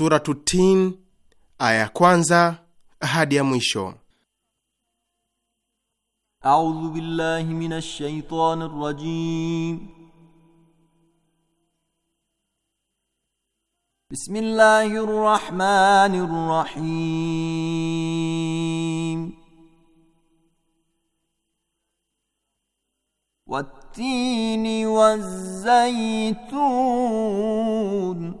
Suratu Tin aya ya kwanza hadi ya mwisho. A'udhu billahi minash shaitanir rajim. Bismillahir rahmanir rahim. Wat-tini waz-zaytun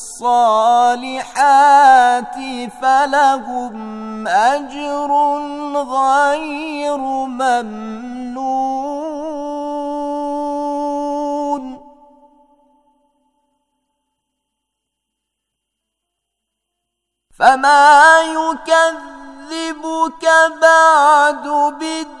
الصالحات فلهم أجر غير ممنون فما يكذبك بعد بالدين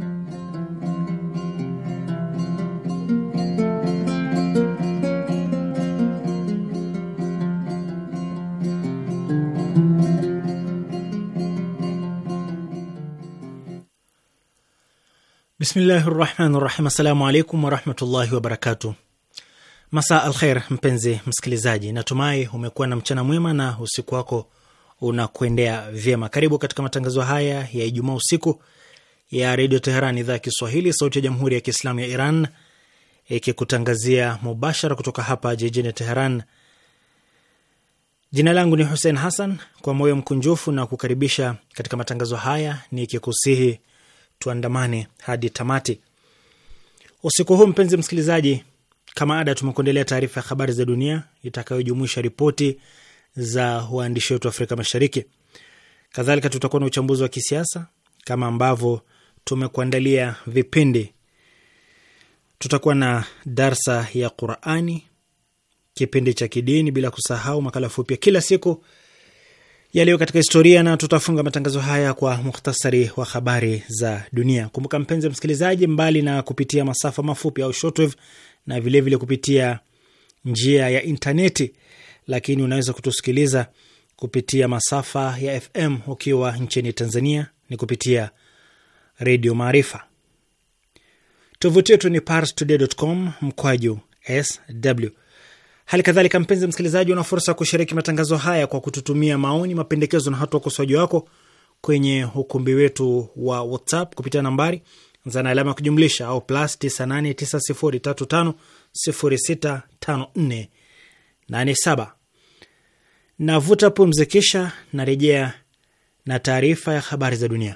Bismillahi rahmani rahim. Assalamu alaikum warahmatullahi wabarakatu. Masa al kheir, mpenzi msikilizaji, natumai umekuwa na mchana mwema na usiku wako unakuendea vyema. Karibu katika matangazo haya ya Ijumaa usiku ya Redio Teheran, idhaa ya Kiswahili, sauti ya Jamhuri ya Kiislamu ya Iran, ikikutangazia mubashara kutoka hapa jijini Teheran. Jina langu ni Hussein Hassan, kwa moyo mkunjufu na kukaribisha katika matangazo haya nikikusihi tuandamane hadi tamati usiku huu. Mpenzi msikilizaji, kama ada, tumekuendelea taarifa ya habari za dunia itakayojumuisha ripoti za waandishi wetu Afrika Mashariki. Kadhalika tutakuwa na uchambuzi wa kisiasa kama ambavyo tumekuandalia vipindi. Tutakuwa na darsa ya Qurani, kipindi cha kidini, bila kusahau makala fupi ya kila siku yaliyo katika historia, na tutafunga matangazo haya kwa muhtasari wa habari za dunia. Kumbuka mpenzi msikilizaji, mbali na kupitia masafa mafupi au shortwave na vilevile vile kupitia njia ya intaneti, lakini unaweza kutusikiliza kupitia masafa ya FM ukiwa nchini Tanzania ni kupitia Redio Maarifa. Tovuti yetu ni parstoday.com mkwaju sw Hali kadhalika, mpenzi msikilizaji, una fursa ya kushiriki matangazo haya kwa kututumia maoni, mapendekezo na hata ukosoaji wako kwenye ukumbi wetu wa WhatsApp kupitia nambari zana alama ya kujumlisha au plus 989035065487. Navuta pumzi kisha narejea na taarifa ya habari za dunia.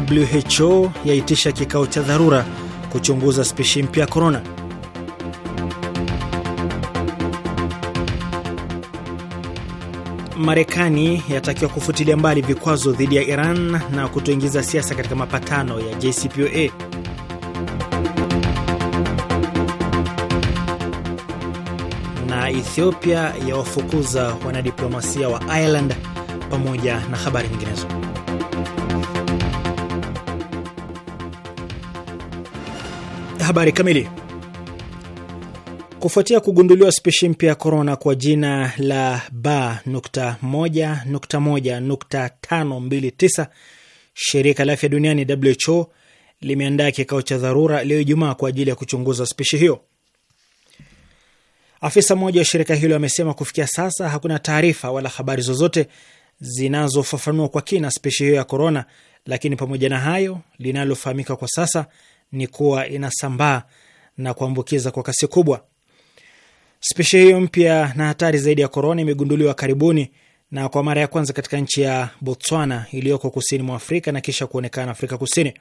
WHO yaitisha kikao cha dharura kuchunguza spishi mpya ya korona. Marekani yatakiwa kufutilia mbali vikwazo dhidi ya Iran na kutoingiza siasa katika mapatano ya JCPOA. Na Ethiopia yawafukuza wanadiplomasia wa Ireland pamoja na habari nyinginezo. Habari kamili. Kufuatia kugunduliwa spishi mpya ya korona kwa jina la B.1.1.529, shirika la afya duniani WHO limeandaa kikao cha dharura leo Ijumaa kwa ajili ya kuchunguza spishi hiyo. Afisa mmoja wa shirika hilo amesema kufikia sasa hakuna taarifa wala habari zozote zinazofafanua kwa kina spishi hiyo ya korona, lakini pamoja na hayo, linalofahamika kwa sasa ni kuwa inasambaa na kuambukiza kwa kasi kubwa. Spishi hiyo mpya na hatari zaidi ya korona imegunduliwa karibuni na kwa mara ya kwanza katika nchi ya Botswana iliyoko kusini mwa Afrika na kisha kuonekana Afrika Kusini.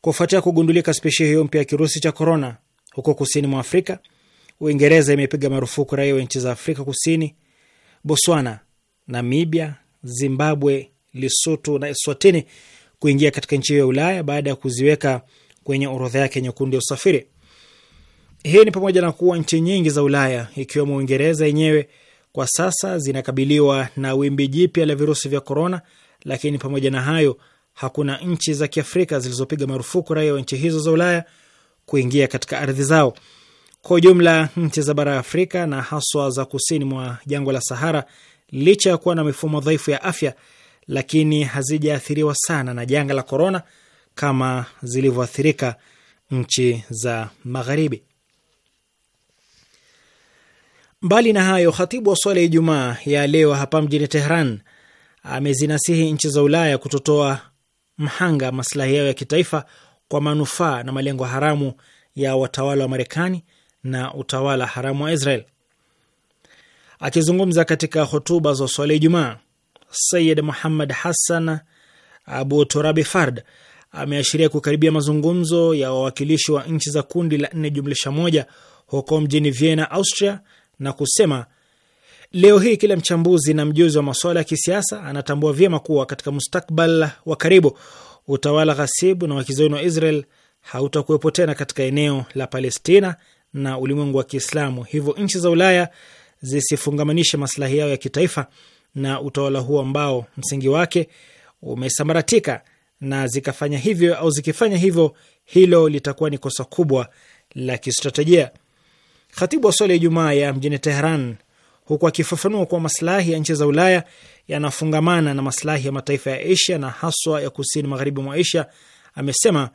Kufuatia kugundulika spishi hiyo mpya ya kirusi cha korona huko kusini mwa Afrika, Uingereza imepiga marufuku raia wa nchi za Afrika Kusini, Botswana, Namibia, Zimbabwe, Lesotho na Eswatini kuingia katika nchi hiyo ya Ulaya baada ya kuziweka kwenye orodha yake nyekundu ya usafiri. Hii ni pamoja na kuwa nchi nyingi za Ulaya ikiwemo Uingereza yenyewe kwa sasa zinakabiliwa na wimbi jipya la virusi vya korona, lakini pamoja na hayo hakuna nchi za Kiafrika zilizopiga marufuku raia wa nchi hizo za Ulaya kuingia katika ardhi zao. Kwa ujumla, nchi za bara ya Afrika na haswa za kusini mwa jangwa la Sahara, licha ya kuwa na mifumo dhaifu ya afya, lakini hazijaathiriwa sana na janga la korona kama zilivyoathirika nchi za Magharibi. Mbali na hayo, khatibu wa swala ya Ijumaa ya leo hapa mjini Tehran amezinasihi nchi za Ulaya kutotoa mhanga maslahi yao ya kitaifa kwa manufaa na malengo haramu ya watawala wa Marekani na utawala haramu wa Israel. Akizungumza katika hotuba za swala ya Ijumaa, Sayid Muhammad Hassan Abu Turabi Fard ameashiria kukaribia mazungumzo ya wawakilishi wa nchi za kundi la nne jumlisha moja huko mjini Vienna, Austria, na kusema leo hii kila mchambuzi na mjuzi wa masuala ya kisiasa anatambua vyema kuwa katika mustakbal wa karibu utawala ghasibu na wakizoni wa Israel hautakuwepo tena katika eneo la Palestina na ulimwengu wa Kiislamu. Hivyo nchi za Ulaya zisifungamanishe maslahi yao ya kitaifa na utawala huo ambao msingi wake umesambaratika na zikafanya hivyo au zikifanya hivyo, hilo litakuwa ni kosa kubwa la kistratejia. Khatibu wa swala ya Ijumaa ya mjini Tehran, huku akifafanua kuwa maslahi ya nchi za Ulaya yanafungamana na maslahi ya mataifa ya Asia na haswa ya kusini magharibi mwa Asia, amesema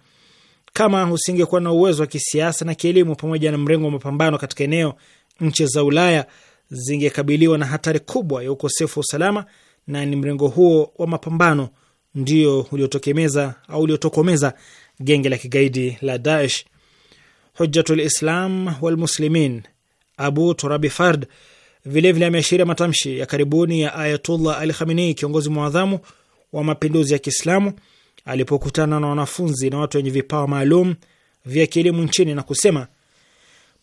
kama usingekuwa na uwezo wa kisiasa na kielimu pamoja na mrengo wa mapambano katika eneo, nchi za Ulaya zingekabiliwa na hatari kubwa ya ukosefu wa usalama, na ni mrengo huo wa mapambano ndio uliotokemeza au uliotokomeza genge la kigaidi la Daesh. Hujjatul Islam Walmuslimin Abu Turabi Fard vilevile ameashiria matamshi ya karibuni ya Ayatullah Al Khamenei, kiongozi mwadhamu wa mapinduzi ya Kiislamu, alipokutana na wanafunzi na watu wenye vipawa maalum vya kielimu nchini na kusema,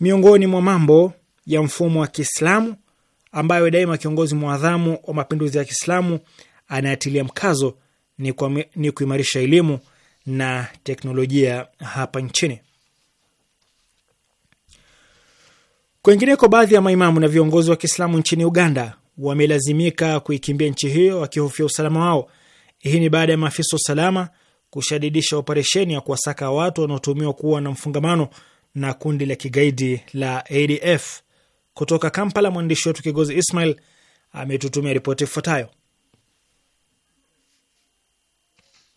miongoni mwa mambo ya mfumo wa Kiislamu ambayo daima kiongozi mwadhamu wa mapinduzi ya Kiislamu anayatilia mkazo ni, kwa, ni kuimarisha elimu na teknolojia hapa nchini. Kwengineko, baadhi ya maimamu na viongozi wa Kiislamu nchini Uganda wamelazimika kuikimbia nchi hiyo wakihofia usalama wao. Hii ni baada ya maafisa usalama kushadidisha operesheni ya kuwasaka watu wanaotumiwa kuwa na mfungamano na kundi la kigaidi la ADF. Kutoka Kampala, mwandishi wetu Kigozi Ismail ametutumia ripoti ifuatayo.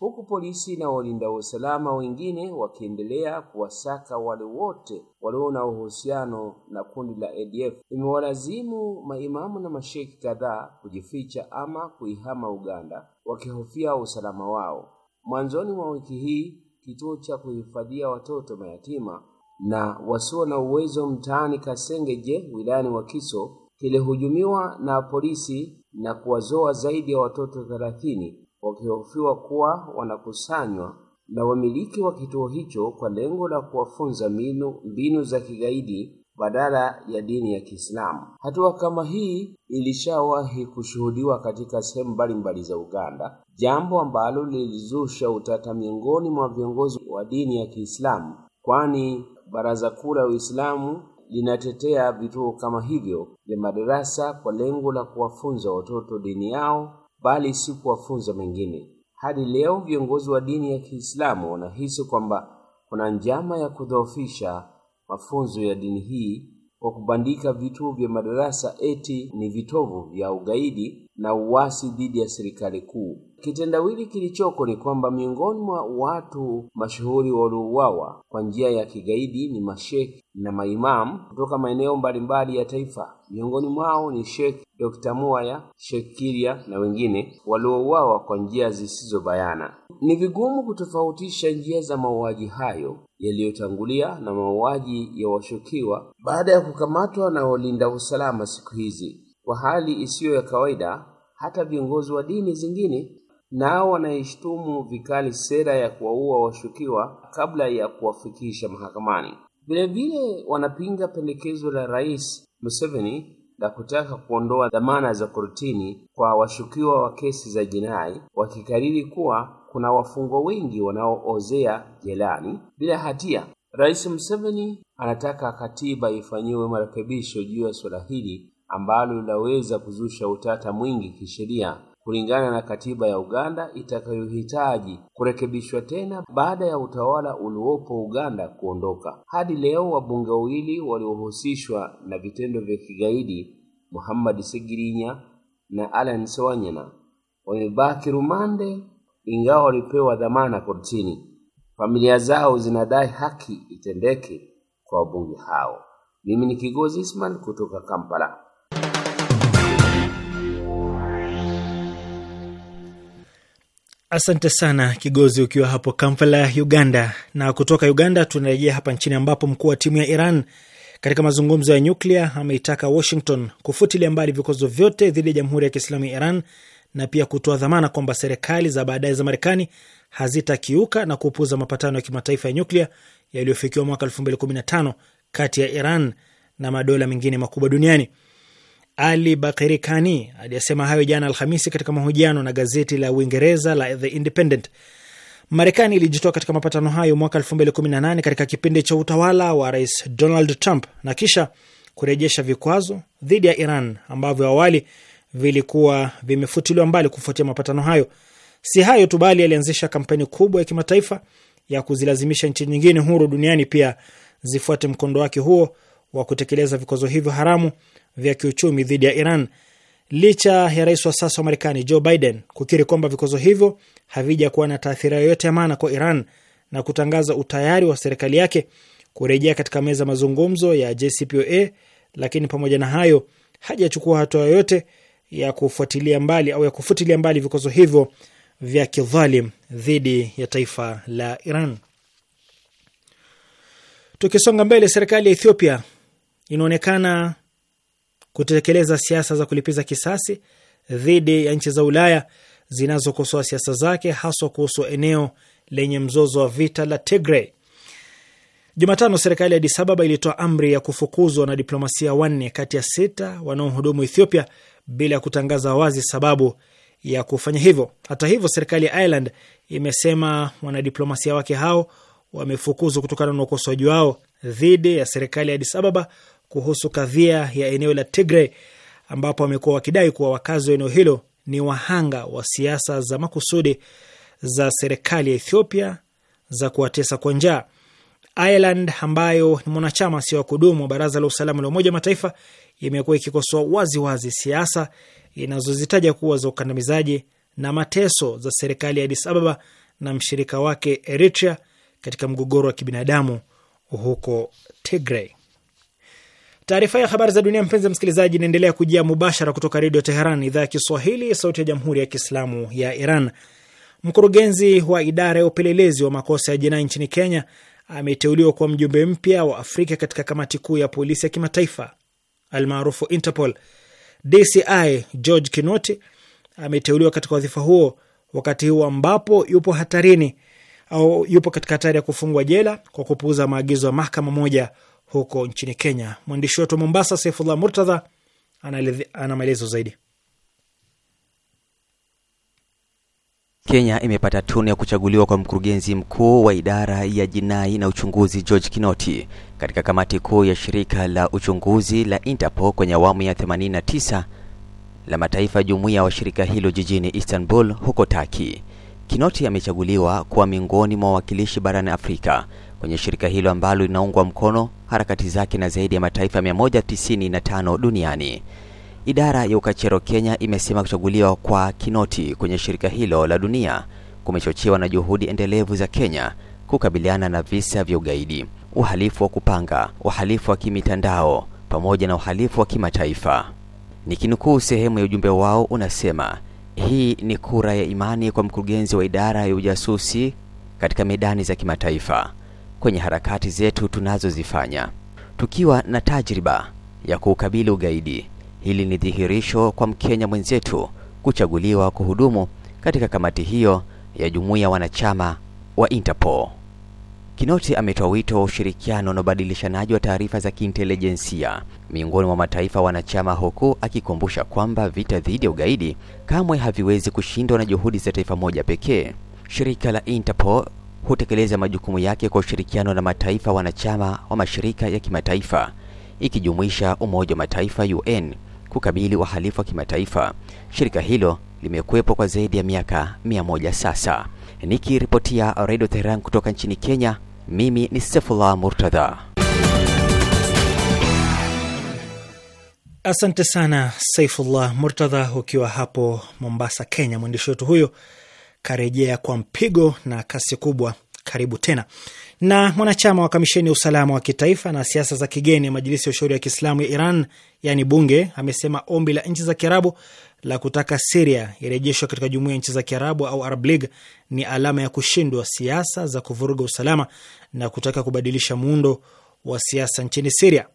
huku polisi na walinda usalama wengine wakiendelea kuwasaka wale wote walio na uhusiano na kundi la ADF. Imewalazimu maimamu na masheki kadhaa kujificha ama kuihama Uganda wakihofia usalama wao. Mwanzoni mwa wiki hii, kituo cha kuhifadhia watoto mayatima na wasio na uwezo mtaani Kasengeje wilayani Wakiso kilihujumiwa na polisi na kuwazoa zaidi ya watoto thelathini wakihofiwa kuwa wanakusanywa na wamiliki wa kituo hicho kwa lengo la kuwafunza mbinu, mbinu za kigaidi badala ya dini ya Kiislamu. Hatua kama hii ilishawahi kushuhudiwa katika sehemu mbalimbali za Uganda, jambo ambalo lilizusha utata miongoni mwa viongozi wa dini ya Kiislamu, kwani Baraza Kuu la Uislamu linatetea vituo kama hivyo vya madarasa kwa lengo la kuwafunza watoto dini yao bali si kuwafunza mengine. Hadi leo viongozi wa dini ya Kiislamu wanahisi kwamba kuna njama ya kudhoofisha mafunzo ya dini hii kwa kubandika vituo vya madarasa eti ni vitovu vya ugaidi na uasi dhidi ya serikali kuu. Kitendawili kilichoko ni kwamba miongoni mwa watu mashuhuri waliouawa kwa njia ya kigaidi ni mashek na maimamu kutoka maeneo mbalimbali ya taifa. Miongoni mwao ni Sheikh Dr. muaya Sheikh Kiria na wengine waliouawa kwa njia zisizobayana. Ni vigumu kutofautisha njia za mauaji hayo yaliyotangulia na mauaji ya washukiwa baada ya kukamatwa na walinda usalama siku hizi. Kwa hali isiyo ya kawaida, hata viongozi wa dini zingine nao wanaishtumu vikali sera ya kuwaua washukiwa kabla ya kuwafikisha mahakamani. Vilevile wanapinga pendekezo la Rais Museveni la kutaka kuondoa dhamana za kortini kwa washukiwa wa kesi za jinai, wakikariri kuwa kuna wafungwa wengi wanaoozea jelani bila hatia. Rais Museveni anataka katiba ifanyiwe marekebisho juu ya suala hili ambalo linaweza kuzusha utata mwingi kisheria kulingana na katiba ya Uganda itakayohitaji kurekebishwa tena baada ya utawala uliopo Uganda kuondoka. Hadi leo wabunge wawili waliohusishwa na vitendo vya kigaidi, Muhammad Segirinya na Alan Sewanyana, wamebaki rumande ingawa walipewa dhamana kortini. Familia zao zinadai haki itendeke kwa wabunge hao. Mimi ni Kigozi Ismail kutoka Kampala. Asante sana Kigozi, ukiwa hapo Kampala, Uganda. Na kutoka Uganda tunarejea hapa nchini, ambapo mkuu wa timu ya Iran katika mazungumzo ya nyuklia ameitaka Washington kufutilia mbali vikwazo vyote dhidi ya Jamhuri ya Kiislamu ya Iran na pia kutoa dhamana kwamba serikali za baadaye za Marekani hazitakiuka na kupuuza mapatano ya kimataifa ya nyuklia yaliyofikiwa mwaka 2015 kati ya Iran na madola mengine makubwa duniani. Ali Bakirikani aliyesema hayo jana Alhamisi katika mahojiano na gazeti la Uingereza la The Independent. Marekani ilijitoa katika mapatano hayo mwaka 2018 katika kipindi cha utawala wa Rais Donald Trump na kisha kurejesha vikwazo dhidi ya Iran ambavyo awali vilikuwa vimefutiliwa mbali kufuatia mapatano hayo. Si hayo tu, bali alianzisha kampeni kubwa ya kimataifa ya kuzilazimisha nchi nyingine huru duniani pia zifuate mkondo wake huo wa kutekeleza vikwazo hivyo haramu vya kiuchumi dhidi ya Iran licha ya rais wa sasa wa Marekani Joe Biden kukiri kwamba vikwazo hivyo havija kuwa na taathira yoyote ya maana kwa Iran na kutangaza utayari wa serikali yake kurejea katika meza mazungumzo ya JCPOA, lakini pamoja na hayo hajachukua hatua yoyote ya kufuatilia mbali au ya kufutilia mbali vikwazo hivyo vya kidhalim dhidi ya taifa la Iran. Tukisonga mbele, serikali ya Ethiopia inaonekana kutekeleza siasa za kulipiza kisasi dhidi ya nchi za Ulaya zinazokosoa siasa zake haswa kuhusu eneo lenye mzozo wa vita la Tigray. Jumatano, serikali ya Addis Ababa ilitoa amri ya kufukuzwa na diplomasia wanne kati ya sita wanaohudumu Ethiopia bila ya kutangaza wazi sababu ya kufanya hivyo. Hata hivyo, serikali ya Ireland imesema wanadiplomasia wake hao wamefukuzwa kutokana na ukosoaji wao dhidi ya serikali ya Addis Ababa kuhusu kadhia ya eneo la Tigray ambapo wamekuwa wakidai kuwa wakazi wa eneo hilo ni wahanga wa siasa za makusudi za serikali ya Ethiopia za kuwatesa kwa njaa. Ireland ambayo ni mwanachama sio wa kudumu wa Baraza la Usalama la Umoja wa Mataifa imekuwa ikikosoa waziwazi siasa inazozitaja kuwa za ukandamizaji na mateso za serikali ya Addis Ababa na mshirika wake Eritrea katika mgogoro wa kibinadamu huko Tigray. Taarifa ya habari za dunia, mpenzi msikilizaji, inaendelea kujia mubashara kutoka Redio Teheran, idhaa ya Kiswahili, sauti ya jamhuri ya kiislamu ya Iran. Mkurugenzi wa idara ya upelelezi wa makosa ya jinai nchini Kenya ameteuliwa kuwa mjumbe mpya wa Afrika katika kamati kuu ya polisi ya kimataifa almaarufu Interpol. DCI George Kinoti ameteuliwa katika wadhifa huo wakati huo ambapo yupo hatarini au yupo katika hatari ya kufungwa jela kwa kupuuza maagizo ya mahakama moja huko nchini Kenya. Mwandishi wetu wa Mombasa, Saifullah Murtadha, ana maelezo zaidi. Kenya imepata tunu ya kuchaguliwa kwa mkurugenzi mkuu wa idara ya jinai na uchunguzi George Kinoti katika kamati kuu ya shirika la uchunguzi la Interpol kwenye awamu ya 89 la mataifa ya jumuiya wa shirika hilo jijini Istanbul huko Turkey. Kinoti amechaguliwa kuwa miongoni mwa wawakilishi barani Afrika kwenye shirika hilo ambalo linaungwa mkono harakati zake na zaidi ya mataifa 195 duniani. Idara ya ukachero Kenya imesema kuchaguliwa kwa Kinoti kwenye shirika hilo la dunia kumechochewa na juhudi endelevu za Kenya kukabiliana na visa vya ugaidi, uhalifu wa kupanga, uhalifu wa kimitandao pamoja na uhalifu wa kimataifa. Nikinukuu sehemu ya ujumbe wao unasema, hii ni kura ya imani kwa mkurugenzi wa idara ya ujasusi katika medani za kimataifa kwenye harakati zetu tunazozifanya tukiwa na tajriba ya kuukabili ugaidi. Hili ni dhihirisho kwa Mkenya mwenzetu kuchaguliwa kuhudumu katika kamati hiyo ya jumuiya wanachama wa Interpol. Kinoti ametoa wito wa ushirikiano na ubadilishanaji wa taarifa za kiintelijensia miongoni mwa mataifa wanachama, huku akikumbusha kwamba vita dhidi ya ugaidi kamwe haviwezi kushindwa na juhudi za taifa moja pekee. Shirika la Interpol hutekeleza majukumu yake kwa ushirikiano na mataifa wanachama wa mashirika ya kimataifa ikijumuisha Umoja wa Mataifa UN kukabili wahalifu wa kimataifa. Shirika hilo limekuwepo kwa zaidi ya miaka mia moja sasa. Nikiripotia Radio Tehran kutoka nchini Kenya, mimi ni Sefullah Murtadha. Asante sana Saifullah Murtadha ukiwa hapo Mombasa, Kenya. Mwandishi wetu huyo karejea kwa mpigo na kasi kubwa karibu tena. Na mwanachama wa kamisheni ya usalama wa kitaifa na siasa za kigeni ya Majilisi ya Ushauri ya Kiislamu ya Iran, yani bunge, amesema ombi la nchi za Kiarabu la kutaka Siria irejeshwa katika jumuia ya nchi za Kiarabu au Arab League ni alama ya kushindwa siasa za kuvuruga usalama na kutaka kubadilisha muundo wa siasa nchini Siria.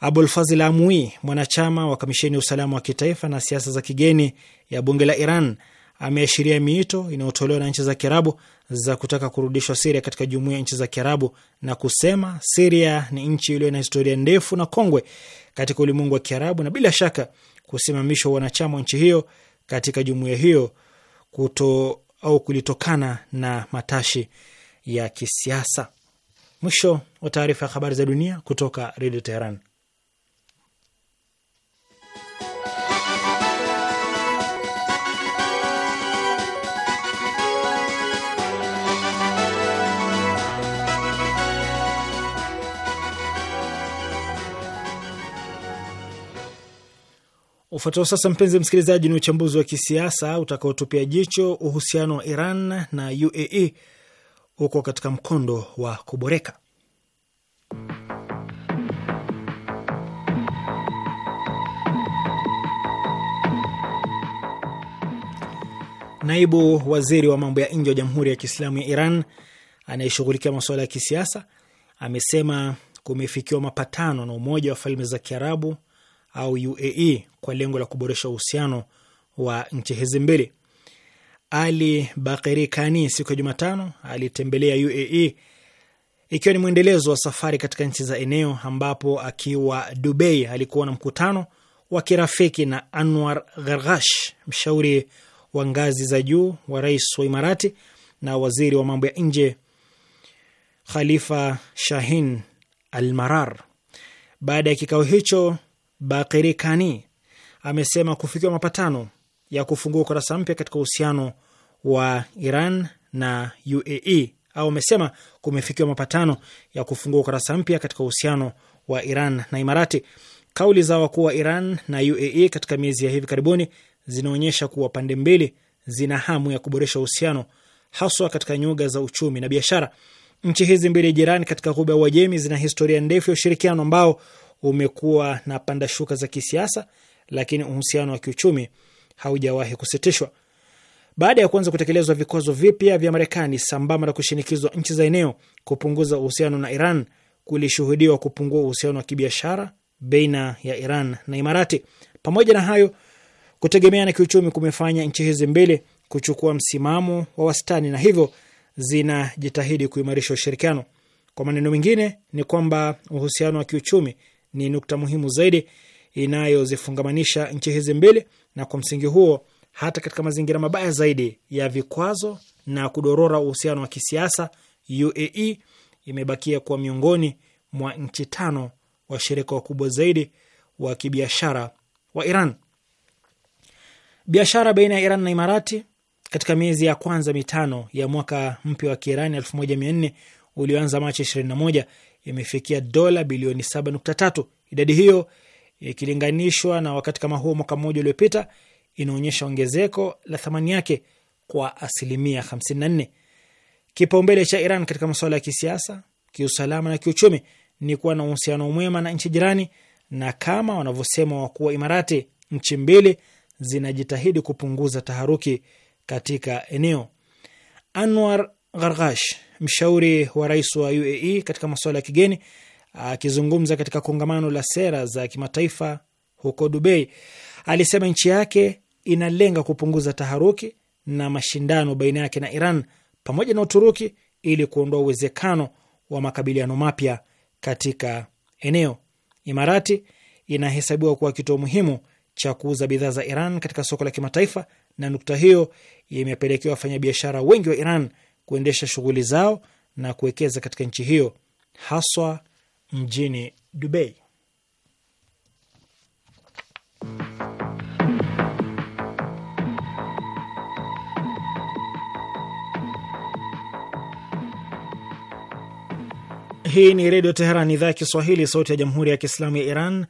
Abul Fazil Amui, mwanachama wa kamisheni ya usalama wa kitaifa na siasa za kigeni ya bunge la Iran, ameashiria miito inayotolewa na nchi za Kiarabu za kutaka kurudishwa Siria katika jumuiya ya nchi za Kiarabu na kusema Siria ni nchi iliyo na historia ndefu na kongwe katika ulimwengu wa Kiarabu na bila shaka kusimamishwa wanachama wa nchi hiyo katika jumuiya hiyo kuto au kulitokana na matashi ya kisiasa. Mwisho wa taarifa ya habari za dunia kutoka Redio Teheran. Ufuatao sasa, mpenzi msikilizaji, ni uchambuzi wa kisiasa utakaotupia jicho uhusiano wa Iran na UAE huko katika mkondo wa kuboreka. Naibu waziri wa mambo ya nje wa Jamhuri ya Kiislamu ya Iran anayeshughulikia masuala ya kisiasa amesema kumefikiwa mapatano na Umoja wa Falme za Kiarabu au UAE kwa lengo la kuboresha uhusiano wa nchi hizi mbili. Ali Bakeri Kani siku ya Jumatano alitembelea UAE ikiwa ni mwendelezo wa safari katika nchi za eneo, ambapo akiwa Dubai alikuwa na mkutano wa kirafiki na Anwar Gargash, mshauri wa ngazi za juu wa rais wa Imarati na waziri wa mambo ya nje Khalifa Shahin Almarar. Baada ya kikao hicho Bakiri Kani amesema kufikiwa mapatano ya kufungua ukurasa mpya katika uhusiano wa Iran na UAE au amesema kumefikiwa mapatano ya kufungua ukurasa mpya katika uhusiano wa Iran na Imarati. Kauli za wakuu wa Iran na UAE katika miezi ya hivi karibuni zinaonyesha kuwa pande mbili zina hamu ya kuboresha uhusiano haswa katika nyuga za uchumi na biashara. Nchi hizi mbili jirani katika Ghuba ya Uajemi zina historia ndefu ya ushirikiano ambao umekuwa na panda shuka za kisiasa, lakini uhusiano wa kiuchumi haujawahi kusitishwa. Baada ya kuanza kutekelezwa vikwazo vipya vya Marekani sambamba na kushinikizwa nchi za eneo kupunguza uhusiano na Iran, kulishuhudiwa kupungua uhusiano wa kibiashara baina ya Iran na Imarati. Pamoja na hayo, kutegemeana kiuchumi kumefanya nchi hizi mbili kuchukua msimamo wa wastani na hivyo zinajitahidi kuimarisha ushirikiano. Kwa maneno mengine, ni kwamba uhusiano wa kiuchumi ni nukta muhimu zaidi inayozifungamanisha nchi hizi mbili, na kwa msingi huo hata katika mazingira mabaya zaidi ya vikwazo na kudorora uhusiano wa kisiasa, UAE imebakia kuwa miongoni mwa nchi tano washirika wakubwa zaidi wa kibiashara wa Iran. Biashara baina ya Iran na Imarati katika miezi ya kwanza mitano ya mwaka mpya wa Kiirani 1400 ulioanza Machi imefikia dola bilioni 7.3. Idadi hiyo ikilinganishwa na wakati kama huo mwaka mmoja uliopita inaonyesha ongezeko la thamani yake kwa asilimia 54. Kipaumbele cha Iran katika masuala ya kisiasa, kiusalama na kiuchumi ni kuwa na uhusiano mwema na nchi jirani, na kama wanavyosema wakuu wa Imarati, nchi mbili zinajitahidi kupunguza taharuki katika eneo. Anwar Gargash, mshauri wa rais wa UAE katika masuala ya kigeni, akizungumza katika kongamano la sera za kimataifa huko Dubai, alisema nchi yake inalenga kupunguza taharuki na mashindano baina yake na Iran pamoja na Uturuki ili kuondoa uwezekano wa makabiliano mapya katika eneo. Imarati inahesabiwa kuwa kituo muhimu cha kuuza bidhaa za Iran katika soko la kimataifa, na nukta hiyo imepelekewa wafanyabiashara wengi wa Iran kuendesha shughuli zao na kuwekeza katika nchi hiyo haswa mjini Dubai. Hii ni Redio Teheran, idhaa ya Kiswahili, sauti ya Jamhuri ya Kiislamu ya Iran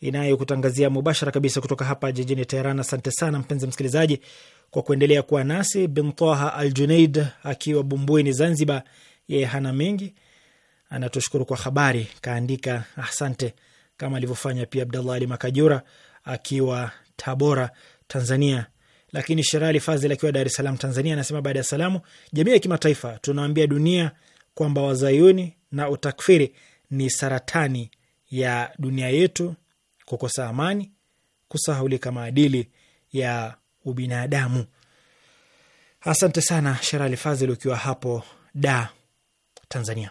inayokutangazia mubashara kabisa kutoka hapa jijini Teheran. Asante sana mpenzi msikilizaji kwa kuendelea kuwa nasi. Bin Taha Al Junaid akiwa Bumbwini, Zanzibar, yeye hana mengi, anatushukuru kwa habari, kaandika asante, kama alivyofanya pia Abdallah Ali Makajura akiwa Tabora, Tanzania. Lakini Sherali Fazil akiwa Dar es Salaam, Tanzania, anasema baada ya salamu, jamii ya kimataifa tunaambia dunia kwamba wazayuni na utakfiri ni saratani ya dunia yetu, kukosa amani, kusahaulika maadili ya ubinadamu. Asante sana Sherali Fazil ukiwa hapo Da, Tanzania.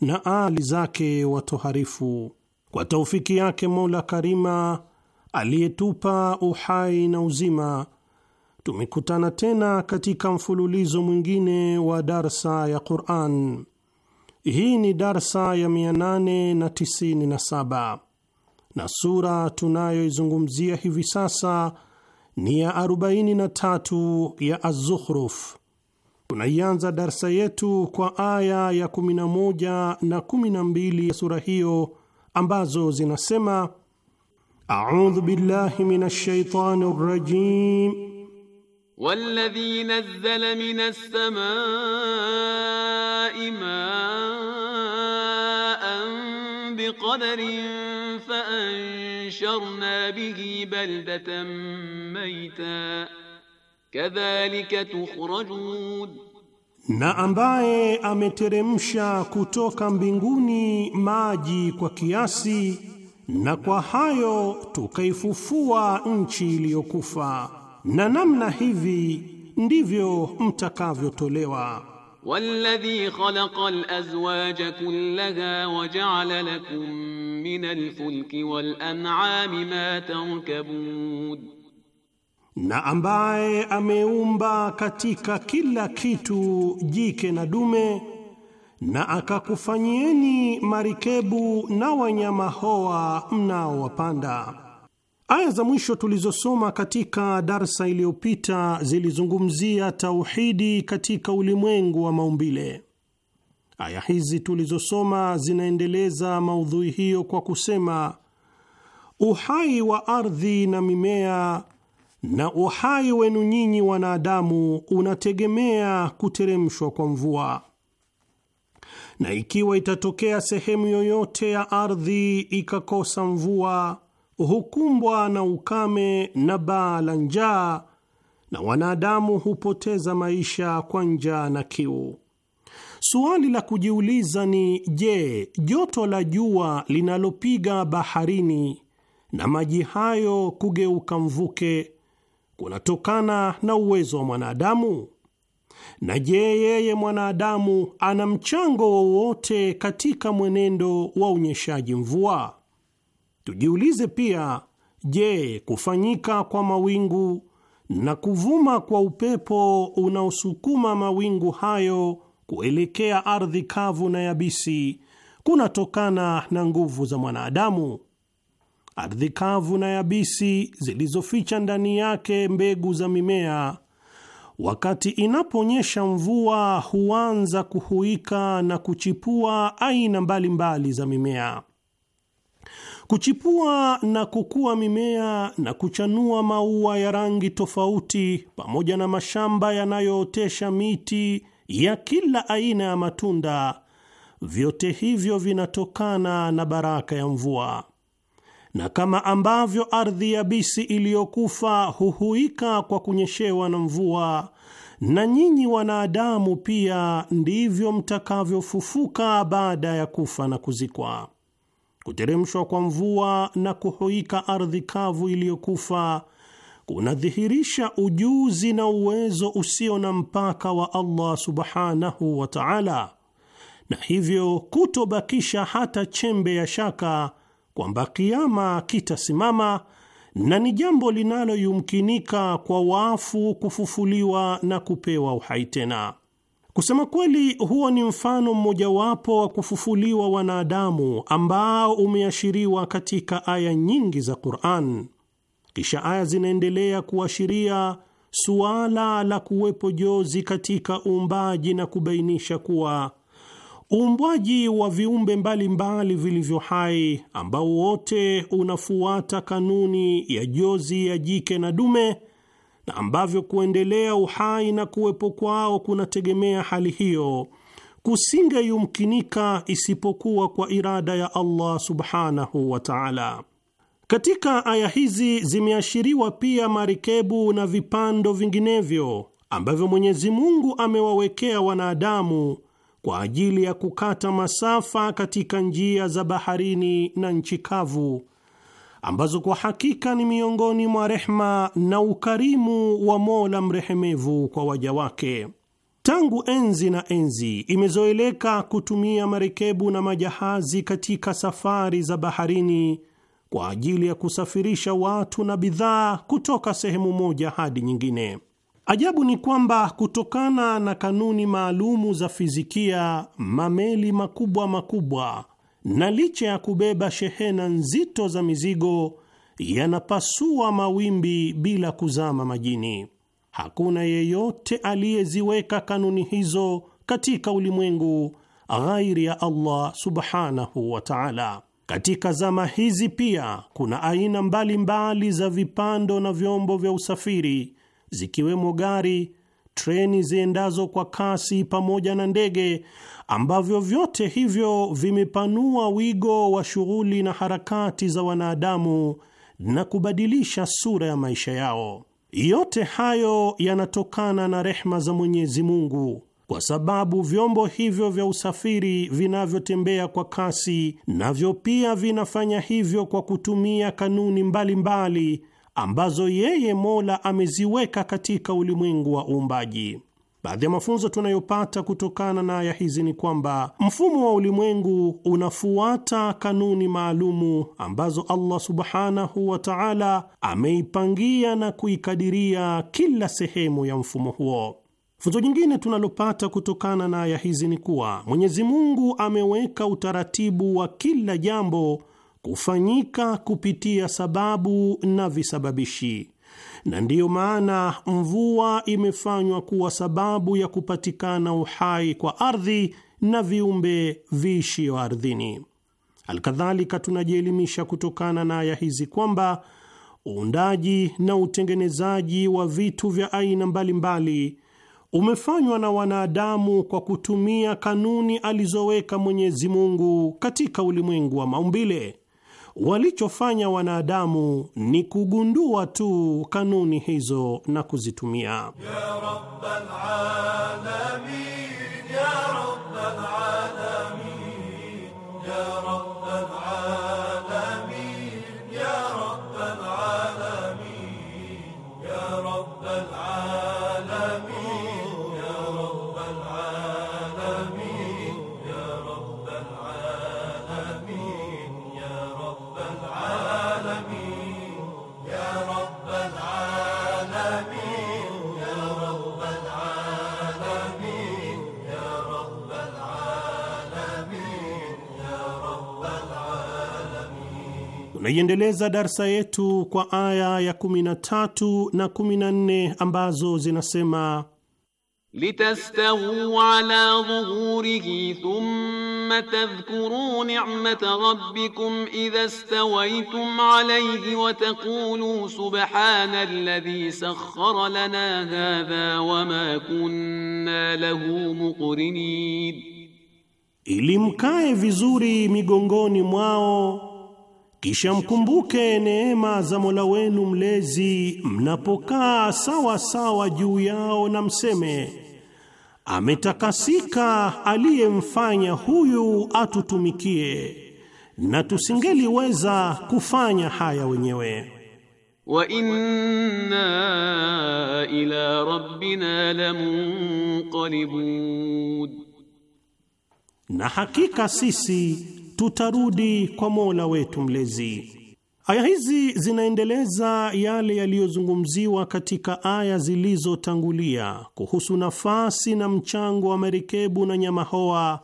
na ali zake watoharifu. Kwa taufiki yake Mola Karima aliyetupa uhai na uzima, tumekutana tena katika mfululizo mwingine wa darsa ya Quran. Hii ni darsa ya 897 na sura tunayoizungumzia hivi sasa ni ya 43 ya Az-Zukhruf. Tunaianza darsa yetu kwa aya ya 11 na 12 ya sura hiyo ambazo zinasema: audhu billahi min ashaitani rajim walladhi nazzala min samai maan biqadarin fa ansharna bihi baldatan maita kadhalika tukhrajun, na ambaye ameteremsha kutoka mbinguni maji kwa kiasi, na kwa hayo tukaifufua nchi iliyokufa, na namna hivi ndivyo mtakavyotolewa. Walladhi khalaqa al-azwaja kullaha wa ja'ala lakum min al wal-an'ami ma tarkabun na ambaye ameumba katika kila kitu jike na dume, na akakufanyieni marikebu na wanyama hoa mnaowapanda. Aya za mwisho tulizosoma katika darsa iliyopita zilizungumzia tauhidi katika ulimwengu wa maumbile. Aya hizi tulizosoma zinaendeleza maudhui hiyo kwa kusema uhai wa ardhi na mimea na uhai wenu nyinyi wanadamu unategemea kuteremshwa kwa mvua, na ikiwa itatokea sehemu yoyote ya ardhi ikakosa mvua, hukumbwa na ukame na baa la njaa, na wanadamu hupoteza maisha kwa njaa na kiu. Suali la kujiuliza ni je, joto la jua linalopiga baharini na maji hayo kugeuka mvuke kunatokana na uwezo wa mwanadamu? Na je, yeye mwanadamu ana mchango wowote katika mwenendo wa unyeshaji mvua? Tujiulize pia, je, kufanyika kwa mawingu na kuvuma kwa upepo unaosukuma mawingu hayo kuelekea ardhi kavu na yabisi kunatokana na nguvu za mwanadamu? ardhi kavu na yabisi zilizoficha ndani yake mbegu za mimea. Wakati inaponyesha mvua, huanza kuhuika na kuchipua aina mbalimbali mbali za mimea. Kuchipua na kukua mimea na kuchanua maua ya rangi tofauti, pamoja na mashamba yanayootesha miti ya kila aina ya matunda, vyote hivyo vinatokana na baraka ya mvua na kama ambavyo ardhi yabisi iliyokufa huhuika kwa kunyeshewa na mvua, na nyinyi wanadamu pia ndivyo mtakavyofufuka baada ya kufa na kuzikwa. Kuteremshwa kwa mvua na kuhuika ardhi kavu iliyokufa kunadhihirisha ujuzi na uwezo usio na mpaka wa Allah subhanahu wa ta'ala, na hivyo kutobakisha hata chembe ya shaka kwamba kiama kitasimama na ni jambo linaloyumkinika kwa wafu kufufuliwa na kupewa uhai tena. Kusema kweli, huo ni mfano mmojawapo wa kufufuliwa wanadamu ambao umeashiriwa katika aya nyingi za Qur'an. Kisha aya zinaendelea kuashiria suala la kuwepo jozi katika uumbaji na kubainisha kuwa Uumbwaji wa viumbe mbalimbali vilivyo hai ambao wote unafuata kanuni ya jozi ya jike na dume, na ambavyo kuendelea uhai na kuwepo kwao kunategemea hali hiyo, kusingeyumkinika isipokuwa kwa irada ya Allah subhanahu wa ta'ala. Katika aya hizi zimeashiriwa pia marikebu na vipando vinginevyo ambavyo Mwenyezi Mungu amewawekea wanadamu kwa ajili ya kukata masafa katika njia za baharini na nchi kavu ambazo kwa hakika ni miongoni mwa rehma na ukarimu wa Mola mrehemevu kwa waja wake. Tangu enzi na enzi imezoeleka kutumia marekebu na majahazi katika safari za baharini kwa ajili ya kusafirisha watu na bidhaa kutoka sehemu moja hadi nyingine. Ajabu ni kwamba kutokana na kanuni maalumu za fizikia, mameli makubwa makubwa na licha ya kubeba shehena nzito za mizigo yanapasua mawimbi bila kuzama majini. Hakuna yeyote aliyeziweka kanuni hizo katika ulimwengu ghairi ya Allah subhanahu wa ta'ala. Katika zama hizi pia kuna aina mbalimbali mbali za vipando na vyombo vya usafiri zikiwemo gari, treni ziendazo kwa kasi pamoja na ndege, ambavyo vyote hivyo vimepanua wigo wa shughuli na harakati za wanadamu na kubadilisha sura ya maisha yao. Yote hayo yanatokana na rehma za Mwenyezi Mungu, kwa sababu vyombo hivyo vya usafiri vinavyotembea kwa kasi navyo pia vinafanya hivyo kwa kutumia kanuni mbalimbali mbali ambazo yeye Mola ameziweka katika ulimwengu wa uumbaji. Baadhi ya mafunzo tunayopata kutokana na aya hizi ni kwamba mfumo wa ulimwengu unafuata kanuni maalumu ambazo Allah subhanahu wa taala ameipangia na kuikadiria kila sehemu ya mfumo huo. Funzo jingine tunalopata kutokana na aya hizi ni kuwa Mwenyezi Mungu ameweka utaratibu wa kila jambo kufanyika kupitia sababu na visababishi, na ndiyo maana mvua imefanywa kuwa sababu ya kupatikana uhai kwa ardhi na viumbe viishio ardhini. Alkadhalika, tunajielimisha kutokana na aya hizi kwamba uundaji na utengenezaji wa vitu vya aina mbalimbali umefanywa na wanadamu kwa kutumia kanuni alizoweka Mwenyezi Mungu katika ulimwengu wa maumbile walichofanya wanadamu ni kugundua tu kanuni hizo na kuzitumia. Tunaiendeleza darsa yetu kwa aya ya 13 na 14 ambazo zinasema litastawu ala dhuhurihi thumma tadhkuru ni'mata rabbikum idha stawaytum alayhi wa taqulu subhana alladhi sakhkhara lana hadha wa ma kunna lahu muqrinin, ili mkae vizuri migongoni mwao kisha mkumbuke neema za Mola wenu mlezi mnapokaa sawa sawa juu yao, na mseme ametakasika aliyemfanya huyu atutumikie, na tusingeliweza kufanya haya wenyewe. Wa inna ila rabbina lamunqalibun, na hakika sisi tutarudi kwa Mola wetu mlezi. Aya hizi zinaendeleza yale yaliyozungumziwa katika aya zilizotangulia kuhusu nafasi na mchango wa merikebu na nyama hoa,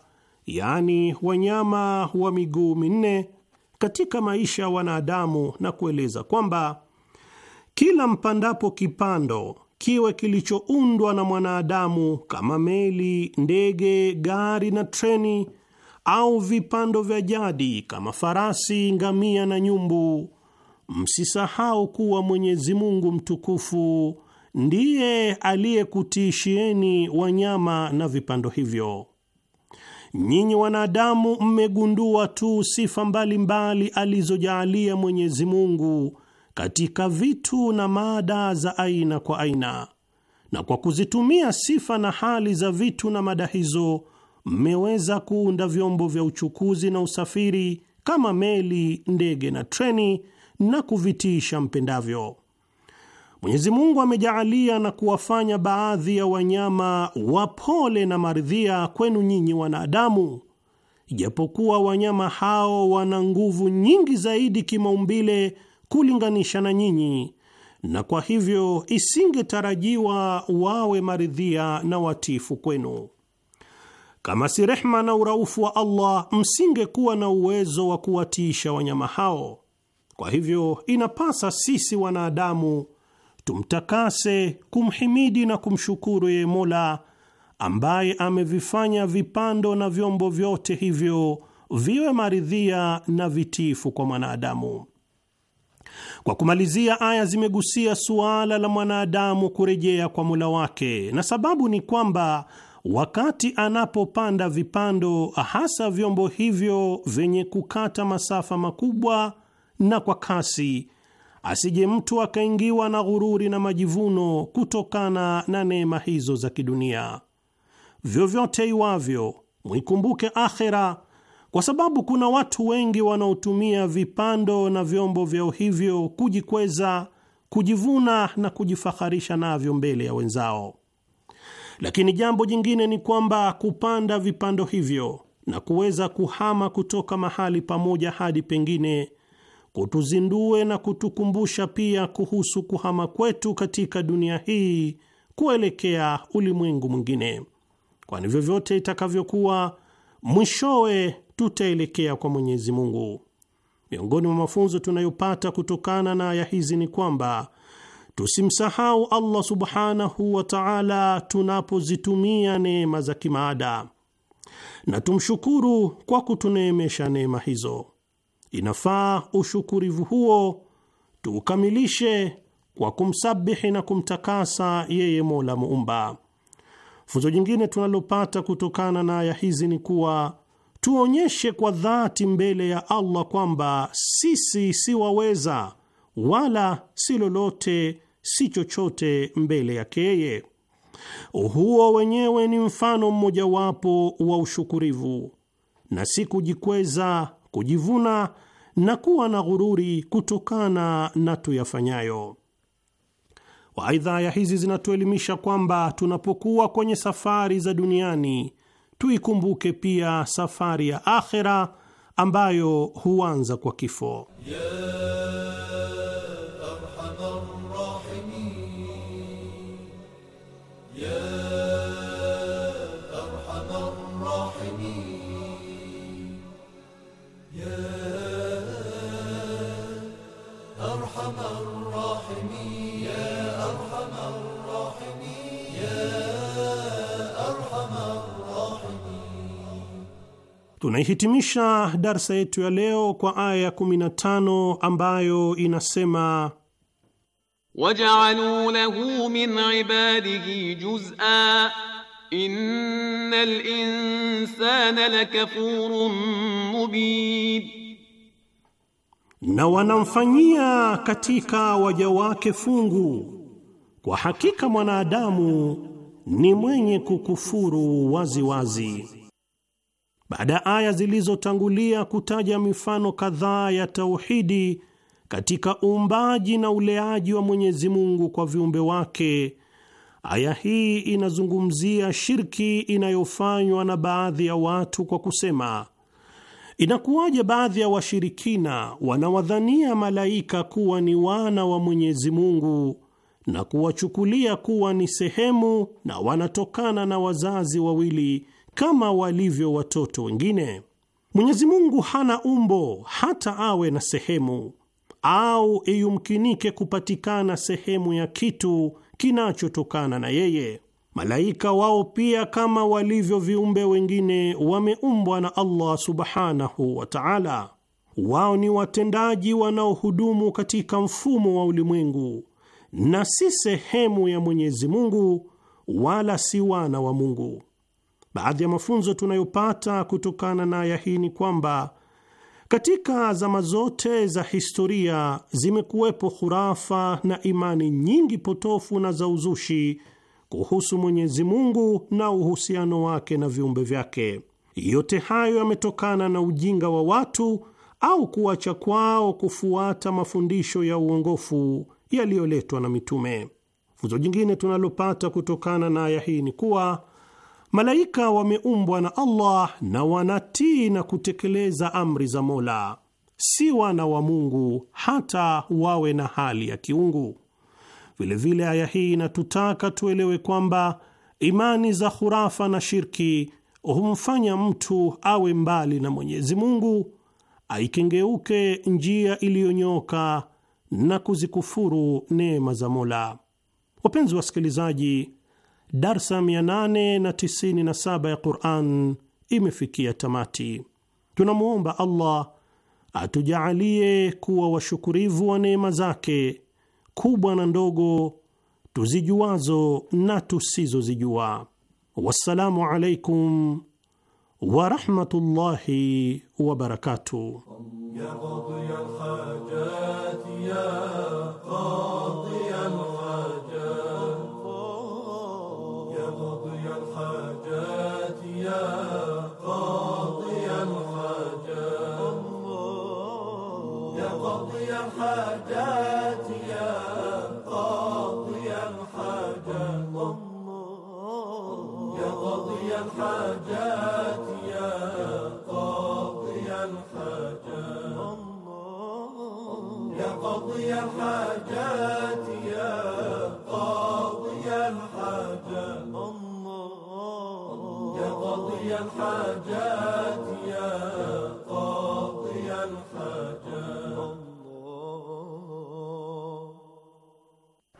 yaani wanyama wa miguu minne katika maisha ya wanadamu, na kueleza kwamba kila mpandapo kipando kiwe kilichoundwa na mwanadamu kama meli, ndege, gari na treni au vipando vya jadi kama farasi, ngamia na nyumbu, msisahau kuwa Mwenyezi Mungu mtukufu ndiye aliyekutiishieni wanyama na vipando hivyo. Nyinyi wanadamu mmegundua tu sifa mbalimbali alizojaalia Mwenyezi Mungu katika vitu na mada za aina kwa aina, na kwa kuzitumia sifa na hali za vitu na mada hizo mmeweza kuunda vyombo vya uchukuzi na usafiri kama meli, ndege na treni na kuvitiisha mpendavyo. Mwenyezi Mungu amejaalia na kuwafanya baadhi ya wanyama wapole na maridhia kwenu nyinyi wanadamu, ijapokuwa wanyama hao wana nguvu nyingi zaidi kimaumbile kulinganisha na nyinyi, na kwa hivyo isingetarajiwa wawe maridhia na watifu kwenu. Kama si rehma na uraufu wa Allah, msingekuwa na uwezo wa kuwatiisha wanyama hao. Kwa hivyo, inapasa sisi wanadamu tumtakase, kumhimidi na kumshukuru yeye Mola ambaye amevifanya vipando na vyombo vyote hivyo viwe maridhia na vitifu kwa mwanadamu. Kwa kumalizia, aya zimegusia suala la mwanadamu kurejea kwa Mola wake, na sababu ni kwamba wakati anapopanda vipando, hasa vyombo hivyo vyenye kukata masafa makubwa na kwa kasi, asije mtu akaingiwa na ghururi na majivuno kutokana na neema hizo za kidunia. Vyovyote iwavyo, mwikumbuke akhera, kwa sababu kuna watu wengi wanaotumia vipando na vyombo vyao hivyo kujikweza, kujivuna na kujifaharisha navyo mbele ya wenzao. Lakini jambo jingine ni kwamba kupanda vipando hivyo na kuweza kuhama kutoka mahali pamoja hadi pengine kutuzindue na kutukumbusha pia kuhusu kuhama kwetu katika dunia hii kuelekea ulimwengu mwingine, kwani vyovyote itakavyokuwa, mwishowe tutaelekea kwa Mwenyezi Mungu. Miongoni mwa mafunzo tunayopata kutokana na aya hizi ni kwamba Tusimsahau Allah subhanahu wa taala tunapozitumia neema za kimaada, na tumshukuru kwa kutuneemesha neema hizo. Inafaa ushukurivu huo tuukamilishe kwa kumsabihi na kumtakasa yeye Mola Muumba. Funzo jingine tunalopata kutokana na aya hizi ni kuwa tuonyeshe kwa dhati mbele ya Allah kwamba sisi siwaweza wala si lolote si chochote mbele yake yeye. Huo wenyewe ni mfano mmojawapo wa ushukurivu na si kujikweza, kujivuna na kuwa na ghururi kutokana na tuyafanyayo. Waidha, aya hizi zinatuelimisha kwamba tunapokuwa kwenye safari za duniani tuikumbuke pia safari ya akhera ambayo huanza kwa kifo yeah. Tunaihitimisha darsa yetu ya leo kwa aya 15 ambayo inasema Wajaluu lahu min ibadihi juz'a innal insana lakafurun mubin, na wanamfanyia katika waja wake fungu. Kwa hakika mwanadamu ni mwenye kukufuru waziwazi wazi. Baada ya aya zilizotangulia kutaja mifano kadhaa ya tauhidi katika uumbaji na uleaji wa Mwenyezi Mungu kwa viumbe wake. Aya hii inazungumzia shirki inayofanywa na baadhi ya watu kwa kusema, inakuwaje baadhi ya washirikina wanawadhania malaika kuwa ni wana wa Mwenyezi Mungu na kuwachukulia kuwa ni sehemu na wanatokana na wazazi wawili kama walivyo watoto wengine. Mwenyezi Mungu hana umbo hata awe na sehemu, au iyumkinike kupatikana sehemu ya kitu kinachotokana na yeye. Malaika wao pia kama walivyo viumbe wengine wameumbwa na Allah subhanahu wa ta'ala. Wao ni watendaji wanaohudumu katika mfumo wa ulimwengu na si sehemu ya Mwenyezi Mungu wala si wana wa Mungu. Baadhi ya mafunzo tunayopata kutokana na aya hii ni kwamba katika zama zote za historia zimekuwepo hurafa na imani nyingi potofu na za uzushi kuhusu Mwenyezi Mungu na uhusiano wake na viumbe vyake. Yote hayo yametokana na ujinga wa watu au kuacha kwao kufuata mafundisho ya uongofu yaliyoletwa na mitume. Funzo jingine tunalopata kutokana na aya hii ni kuwa Malaika wameumbwa na Allah na wanatii na kutekeleza amri za Mola, si wana wa Mungu hata wawe na hali ya kiungu. Vilevile aya hii inatutaka tuelewe kwamba imani za khurafa na shirki humfanya mtu awe mbali na Mwenyezi Mungu, aikengeuke njia iliyonyoka na kuzikufuru neema za Mola. Wapenzi wasikilizaji, darsa 897 ya Quran imefikia tamati. Tunamwomba Allah atujaalie kuwa washukurivu wa neema zake kubwa na ndogo tuzijuazo na tusizozijua. Wassalamu alaikum warahmatullahi wabarakatuh. قاضي الحاجات يا قاضي الحاجات الله يا قاضي الحاجات يا قاضي الحاجات الله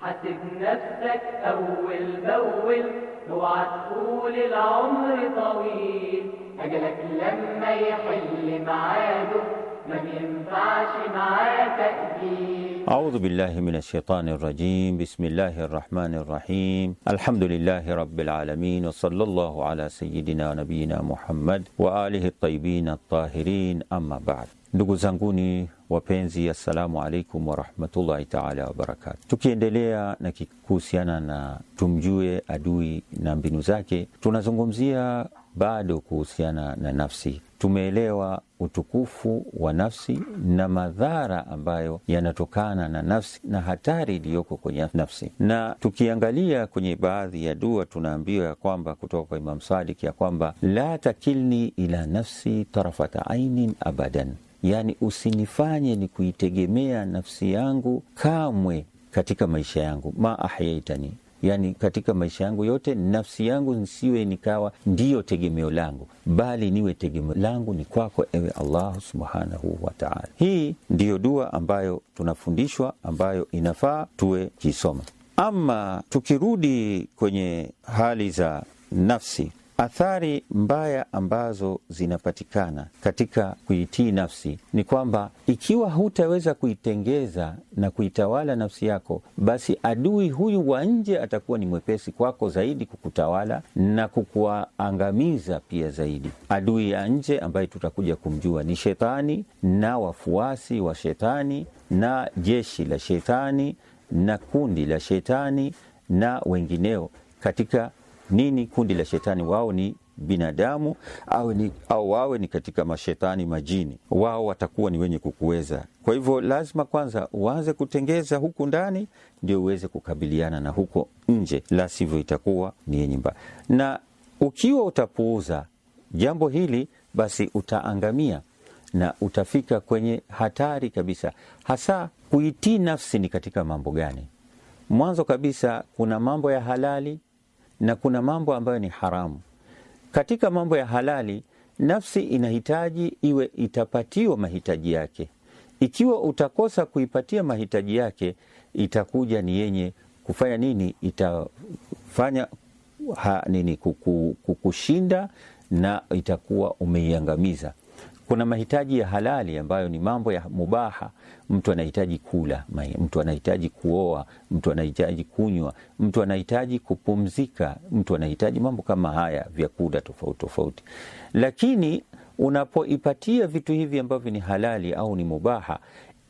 حاسب نفسك أول بأول اوعى تقول العمر طويل أجلك لما يحل معاده ما بينفعش معاه تأديب أعوذ بالله من الشيطان الرجيم بسم الله الرحمن الرحيم الحمد لله رب العالمين وصلى الله على سيدنا نبينا محمد وآله الطيبين الطاهرين أما بعد Ndugu zanguni wapenzi, assalamu alaikum warahmatullahi taala wabarakatu. Tukiendelea na kuhusiana na tumjue adui na mbinu zake, tunazungumzia bado kuhusiana na nafsi. Tumeelewa utukufu wa nafsi na madhara ambayo yanatokana na nafsi na hatari iliyoko kwenye nafsi. Na tukiangalia kwenye baadhi ya dua tunaambiwa ya kwamba kutoka kwa Imam Sadik ya kwamba la takilni ila nafsi tarafata ainin abadan, yani usinifanye ni kuitegemea nafsi yangu kamwe katika maisha yangu, ma ahyaitani yani katika maisha yangu yote, nafsi yangu nisiwe nikawa ndiyo tegemeo langu, bali niwe tegemeo langu ni kwako ewe Allah subhanahu wataala Hii ndiyo dua ambayo tunafundishwa, ambayo inafaa tuwe kisoma. Ama tukirudi kwenye hali za nafsi Athari mbaya ambazo zinapatikana katika kuitii nafsi ni kwamba ikiwa hutaweza kuitengeza na kuitawala nafsi yako, basi adui huyu wa nje atakuwa ni mwepesi kwako zaidi kukutawala na kukuangamiza pia zaidi. Adui ya nje ambaye tutakuja kumjua ni shetani na wafuasi wa shetani na jeshi la shetani na kundi la shetani na wengineo katika nini kundi la shetani? Wao ni binadamu au, ni, au wawe ni katika mashetani majini, wao watakuwa ni wenye kukuweza. Kwa hivyo lazima kwanza uanze kutengeza huku ndani, ndio uweze kukabiliana na huko nje, la sivyo itakuwa ni yenye mbaya. Na ukiwa utapuuza jambo hili, basi utaangamia na utafika kwenye hatari kabisa. Hasa kuitii nafsi ni katika mambo gani? Mwanzo kabisa kuna mambo ya halali na kuna mambo ambayo ni haramu. Katika mambo ya halali, nafsi inahitaji iwe itapatiwa mahitaji yake. Ikiwa utakosa kuipatia mahitaji yake, itakuja ni yenye kufanya nini? Itafanya ha, nini kukushinda na itakuwa umeiangamiza kuna mahitaji ya halali ambayo ni mambo ya mubaha. Mtu anahitaji kula, mtu anahitaji kuoa, mtu anahitaji kunywa, mtu anahitaji kupumzika, mtu anahitaji mambo kama haya, vyakula tofauti tofauti. Lakini unapoipatia vitu hivi ambavyo ni halali au ni mubaha,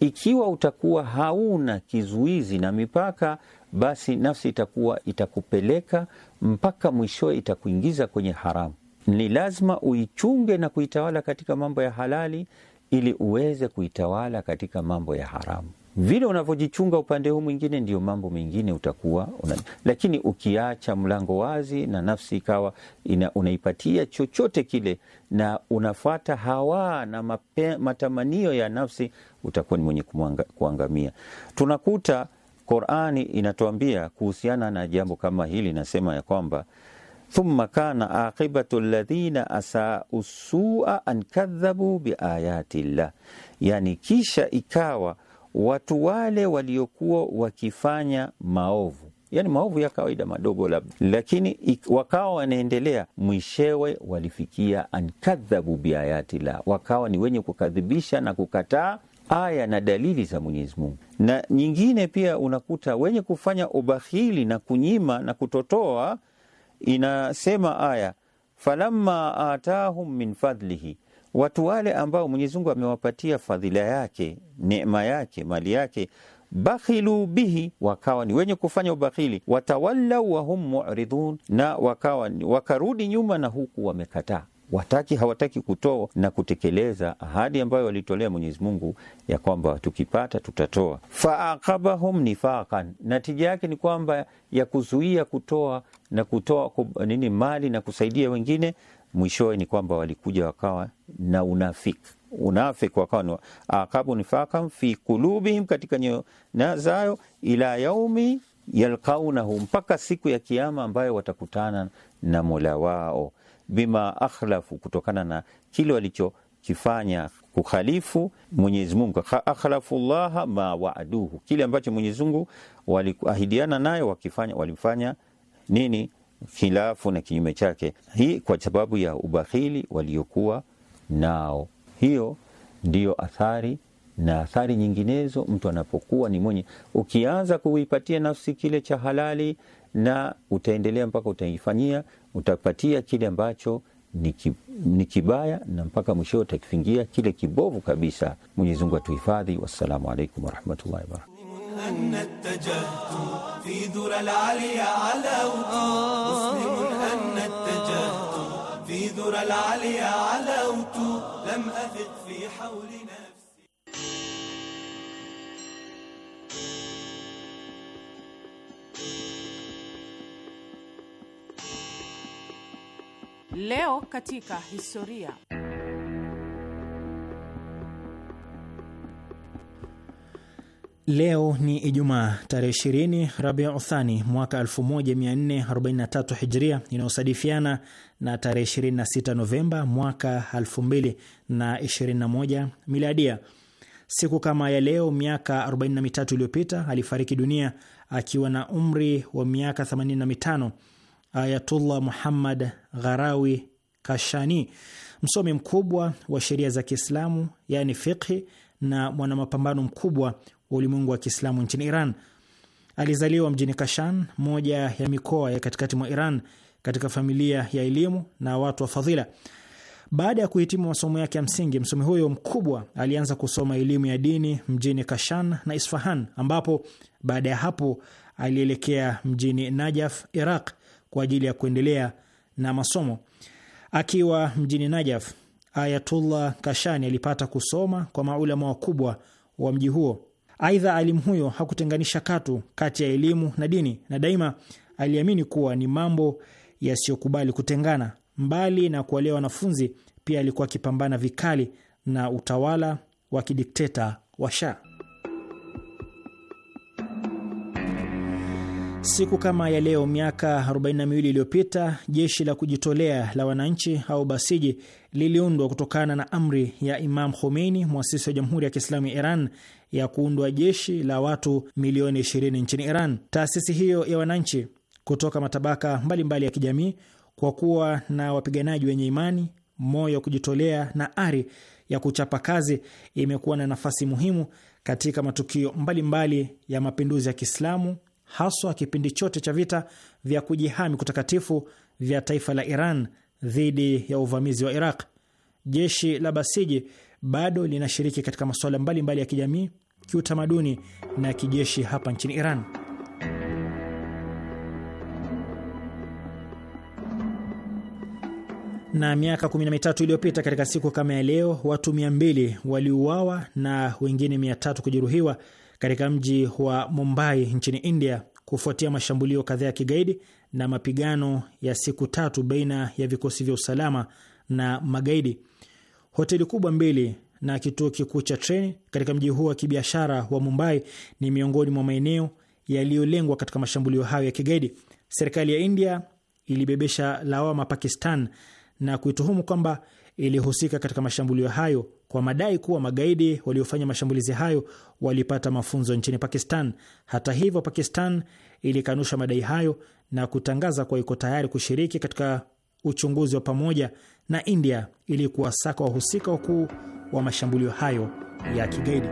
ikiwa utakuwa hauna kizuizi na mipaka, basi nafsi itakuwa itakupeleka mpaka mwishowe itakuingiza kwenye haramu ni lazima uichunge na kuitawala katika mambo ya halali ili uweze kuitawala katika mambo ya haramu. Vile unavyojichunga upande huu mwingine, ndio mambo mengine utakuwa una... Lakini ukiacha mlango wazi na nafsi ikawa ina, unaipatia chochote kile na unafuata hawa na mape, matamanio ya nafsi, utakuwa ni mwenye kuangamia. Tunakuta Qurani inatuambia kuhusiana na jambo kama hili, nasema ya kwamba thumma kana aqibatu ladhina asau sua an kadhabu biayati llah, yani kisha ikawa watu wale waliokuwa wakifanya maovu yani maovu ya kawaida madogo labda, lakini wakawa wanaendelea, mwishewe walifikia ankadhabu biayatillah, wakawa ni wenye kukadhibisha na kukataa aya na dalili za Mwenyezi Mungu. Na nyingine pia unakuta wenye kufanya ubakhili na kunyima na kutotoa inasema aya falamma atahum min fadlihi, watu wale ambao Mwenyezi Mungu amewapatia fadhila yake, neema yake, mali yake, bakhilu bihi, wakawa ni wenye kufanya ubakhili, watawallau wahum muridhun, na wakawa wakarudi nyuma na huku wamekataa wataki hawataki kutoa na kutekeleza ahadi ambayo walitolea Mwenyezi Mungu ya kwamba tukipata tutatoa. Faaqabahum nifaqan, natija yake ni kwamba ya kuzuia kutoa na kutoa nini mali na kusaidia wengine, mwishowe ni kwamba walikuja wakawa na unafiki unafik wakawa aqabu nifaqan fi kulubihim, katika nyoyo zayo, ila yaumi yalqaunahu, mpaka siku ya Kiama ambayo watakutana na mola wao bima akhlafu, kutokana na kile walichokifanya kukhalifu Mwenyezi Mungu. Akhlafu llaha ma waaduhu, kile ambacho Mwenyezi Mungu waliahidiana naye wakifanya, walifanya nini khilafu na kinyume chake, hii kwa sababu ya ubakhili waliokuwa nao. Hiyo ndiyo athari na athari nyinginezo mtu anapokuwa ni mwenye, ukianza kuipatia nafsi kile cha halali na utaendelea mpaka utaifanyia, utapatia kile ambacho ni kibaya na mpaka mwishoo utakifingia kile kibovu kabisa. Mwenyezi Mungu atuhifadhi. Wassalamu alaikum warahmatullahi wabarakatuh. Leo katika historia. Leo ni Ijumaa tarehe 20 Rabia uthani mwaka 1443 Hijria, inayosadifiana na tarehe 26 Novemba mwaka 2021 Miladia. Siku kama ya leo miaka 43 iliyopita alifariki dunia akiwa na umri wa miaka 85 Ayatullah Muhammad Gharawi Kashani, msomi mkubwa wa sheria za Kiislamu yani fiqhi na mwanamapambano mkubwa wa ulimwengu wa Kiislamu nchini Iran. Alizaliwa mjini Kashan, moja ya mikoa ya katikati mwa Iran, katika familia ya elimu na watu wa fadhila. Baada ya kuhitimu masomo yake ya msingi, msomi huyo mkubwa alianza kusoma elimu ya dini mjini Kashan na Isfahan, ambapo baada ya hapo alielekea mjini Najaf, Iraq kwa ajili ya kuendelea na masomo. Akiwa mjini Najaf, Ayatullah Kashani alipata kusoma kwa maulama wakubwa wa mji huo. Aidha, alimu huyo hakutenganisha katu kati ya elimu na dini, na daima aliamini kuwa ni mambo yasiyokubali kutengana. Mbali na kuwalea wanafunzi, pia alikuwa akipambana vikali na utawala wa kidikteta wa Shah. Siku kama ya leo miaka 42 iliyopita jeshi la kujitolea la wananchi au Basiji liliundwa kutokana na amri ya Imam Khomeini, mwasisi wa Jamhuri ya Kiislamu ya Iran, ya kuundwa jeshi la watu milioni 20 nchini Iran. Taasisi hiyo ya wananchi kutoka matabaka mbalimbali mbali ya kijamii, kwa kuwa na wapiganaji wenye imani, moyo wa kujitolea na ari ya kuchapa kazi, imekuwa na nafasi muhimu katika matukio mbalimbali mbali ya mapinduzi ya Kiislamu haswa kipindi chote cha vita vya kujihami kutakatifu vya taifa la Iran dhidi ya uvamizi wa Iraq. Jeshi la Basiji bado linashiriki katika masuala mbalimbali ya kijamii, kiutamaduni na kijeshi hapa nchini Iran. Na miaka 13 iliyopita katika siku kama ya leo, watu 200 waliuawa na wengine 300 kujeruhiwa katika mji wa Mumbai nchini India kufuatia mashambulio kadhaa ya kigaidi na mapigano ya siku tatu baina ya vikosi vya usalama na magaidi. Hoteli kubwa mbili na kituo kikuu cha treni katika mji huo wa kibiashara wa Mumbai ni miongoni mwa maeneo yaliyolengwa katika mashambulio hayo ya kigaidi. Serikali ya India ilibebesha lawama Pakistan na kuituhumu kwamba ilihusika katika mashambulio hayo kwa madai kuwa magaidi waliofanya mashambulizi hayo walipata mafunzo nchini Pakistan. Hata hivyo, Pakistan ilikanusha madai hayo na kutangaza kuwa iko tayari kushiriki katika uchunguzi wa pamoja na India ili kuwasaka wahusika wakuu wa mashambulio hayo ya kigaidi.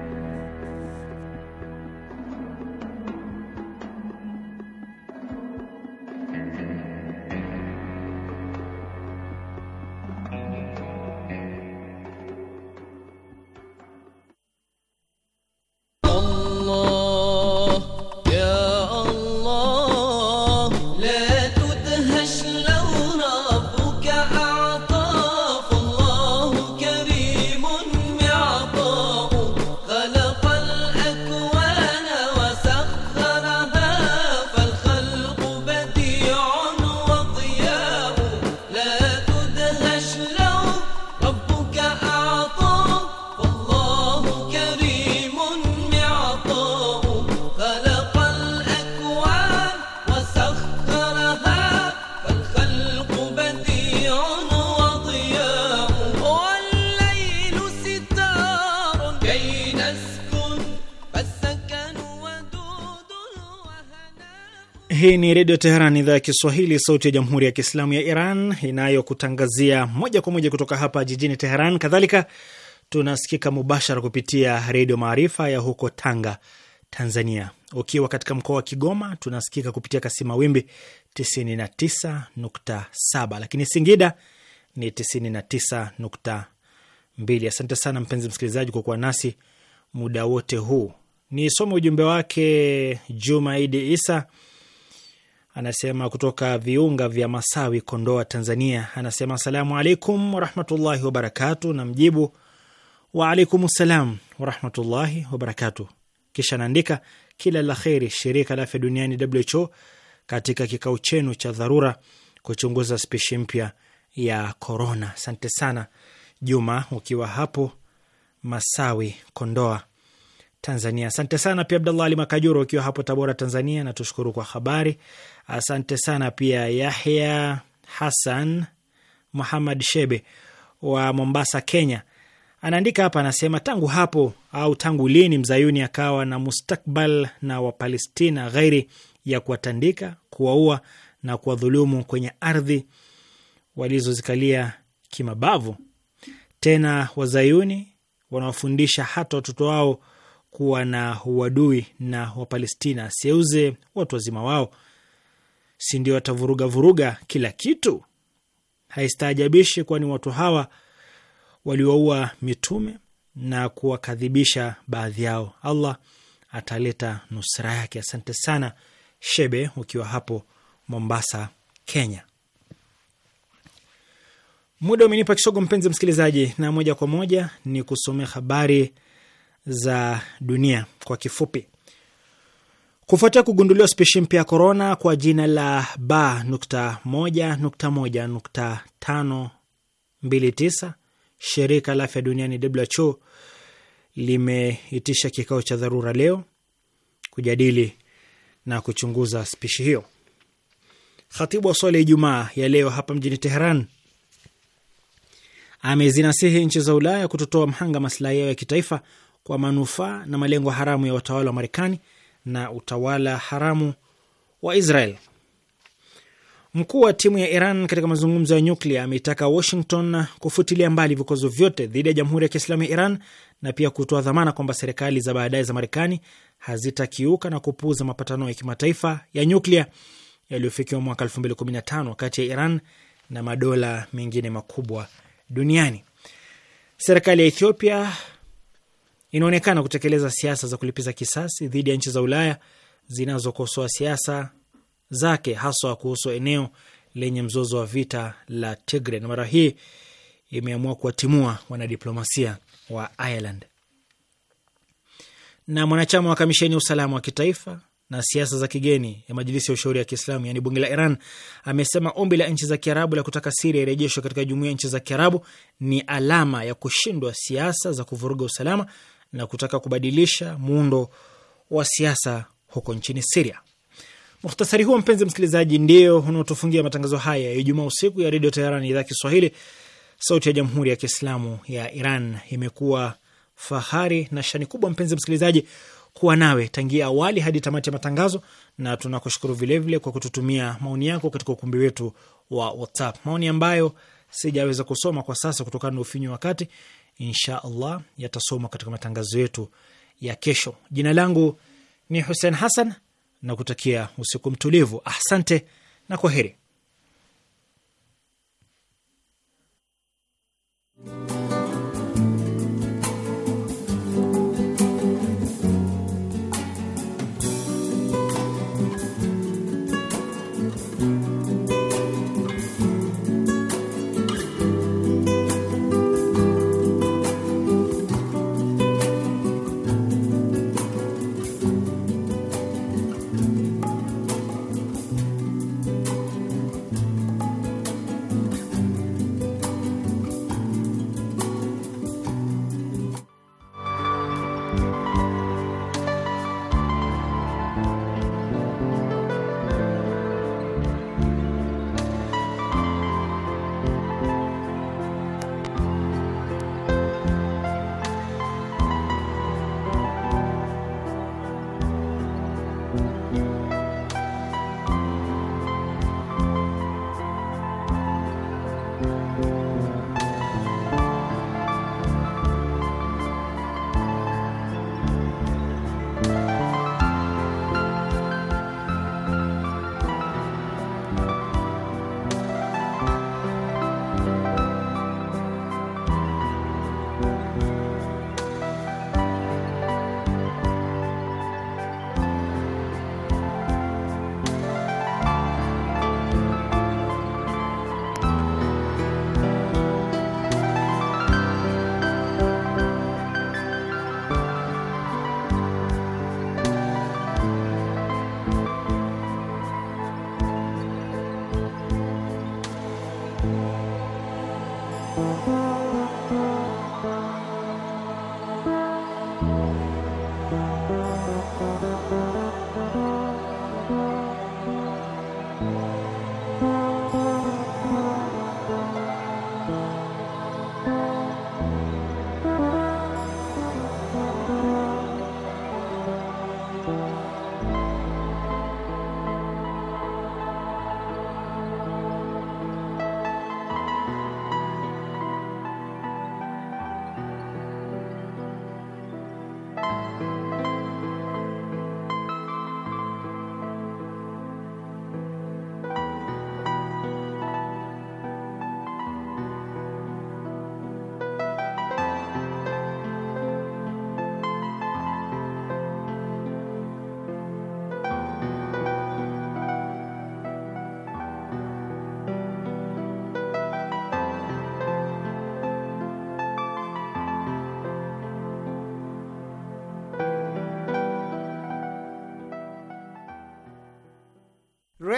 Hii ni Redio Teheran, idhaa ya Kiswahili, sauti ya Jamhuri ya Kiislamu ya Iran, inayokutangazia moja kwa moja kutoka hapa jijini Teheran. Kadhalika tunasikika mubashara kupitia Redio Maarifa ya huko Tanga, Tanzania. Ukiwa katika mkoa wa Kigoma, tunasikika kupitia kasima wimbi 99.7, lakini Singida ni 99.2. Asante sana mpenzi msikilizaji kwa kuwa nasi muda wote huu. ni some ujumbe wake jumaidi Isa anasema kutoka viunga vya Masawi, Kondoa, Tanzania. Anasema asalamu alaikum warahmatullahi wabarakatu, na mjibu waalaikum salam warahmatullahi wabarakatu. Kisha anaandika kila la kheri shirika la afya duniani WHO katika kikao chenu cha dharura kuchunguza spishi mpya ya korona. Asante sana Juma, ukiwa hapo Masawi, Kondoa, Tanzania. Asante sana pia Abdallah Ali Makajuro, ukiwa hapo Tabora, Tanzania, natushukuru kwa habari. Asante sana pia Yahya Hassan Muhammad Shebe wa Mombasa, Kenya, anaandika hapa, anasema tangu hapo au tangu lini mzayuni akawa na mustakbal na Wapalestina ghairi ya kuwatandika, kuwaua na kuwadhulumu kwenye ardhi walizozikalia kimabavu? Tena wazayuni wanawafundisha hata watoto wao kuwa na uadui na Wapalestina, sieuze watu wazima wao si ndio watavuruga vuruga kila kitu? Haistaajabishi, kwani watu hawa waliwaua mitume na kuwakadhibisha baadhi yao. Allah ataleta nusra yake. Asante sana Shebe, ukiwa hapo Mombasa, Kenya. Muda umenipa kisogo, mpenzi msikilizaji, na moja kwa moja ni kusomea habari za dunia kwa kifupi. Kufuatia kugunduliwa spishi mpya ya korona kwa jina la B.1.1.529 shirika la afya duniani WHO limeitisha kikao cha dharura leo kujadili na kuchunguza spishi hiyo. Khatibu wa swala ya Ijumaa ya leo hapa mjini Teheran amezinasihi nchi za Ulaya kutotoa mhanga maslahi yao ya kitaifa kwa manufaa na malengo haramu ya watawala wa Marekani na utawala haramu wa Israel. Mkuu wa timu ya Iran katika mazungumzo ya nyuklia ameitaka Washington kufutilia mbali vikwazo vyote dhidi ya Jamhuri ya Kiislamu ya Iran na pia kutoa dhamana kwamba serikali za baadaye za Marekani hazitakiuka na kupuuza mapatano ya kimataifa ya nyuklia yaliyofikiwa mwaka 2015 kati ya Iran na madola mengine makubwa duniani. Serikali ya Ethiopia inaonekana kutekeleza siasa za kulipiza kisasi dhidi ya nchi za Ulaya zinazokosoa siasa zake haswa kuhusu eneo lenye mzozo wa vita la Tigre, na mara hii imeamua kuwatimua wanadiplomasia wa Ireland. Na mwanachama wa kamisheni ya usalama wa kitaifa na siasa za kigeni ya Majilisi ya Ushauri ya Kiislamu, yaani bunge la Iran, amesema ombi la nchi za Kiarabu la kutaka Siria irejeshwe katika jumuiya ya nchi za Kiarabu ni alama ya kushindwa siasa za kuvuruga usalama na kutaka kubadilisha muundo wa siasa huko nchini Siria. Muhtasari huo mpenzi msikilizaji, ndio unaotufungia matangazo haya ya Ijumaa usiku ya Redio Teherani, idhaa Kiswahili, sauti ya Jamhuri ya Kiislamu ya Iran. Imekuwa fahari na shani kubwa, mpenzi msikilizaji, kuwa nawe tangia awali hadi tamati ya matangazo, na tunakushukuru vilevile kwa kututumia maoni yako katika ukumbi wetu wa WhatsApp, maoni ambayo sijaweza kusoma kwa sasa kutokana na ufinyu wa wakati, insha Allah yatasomwa katika matangazo yetu ya kesho. Jina langu ni Hussein Hassan na kutakia usiku mtulivu. Asante na kwa heri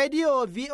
radio vi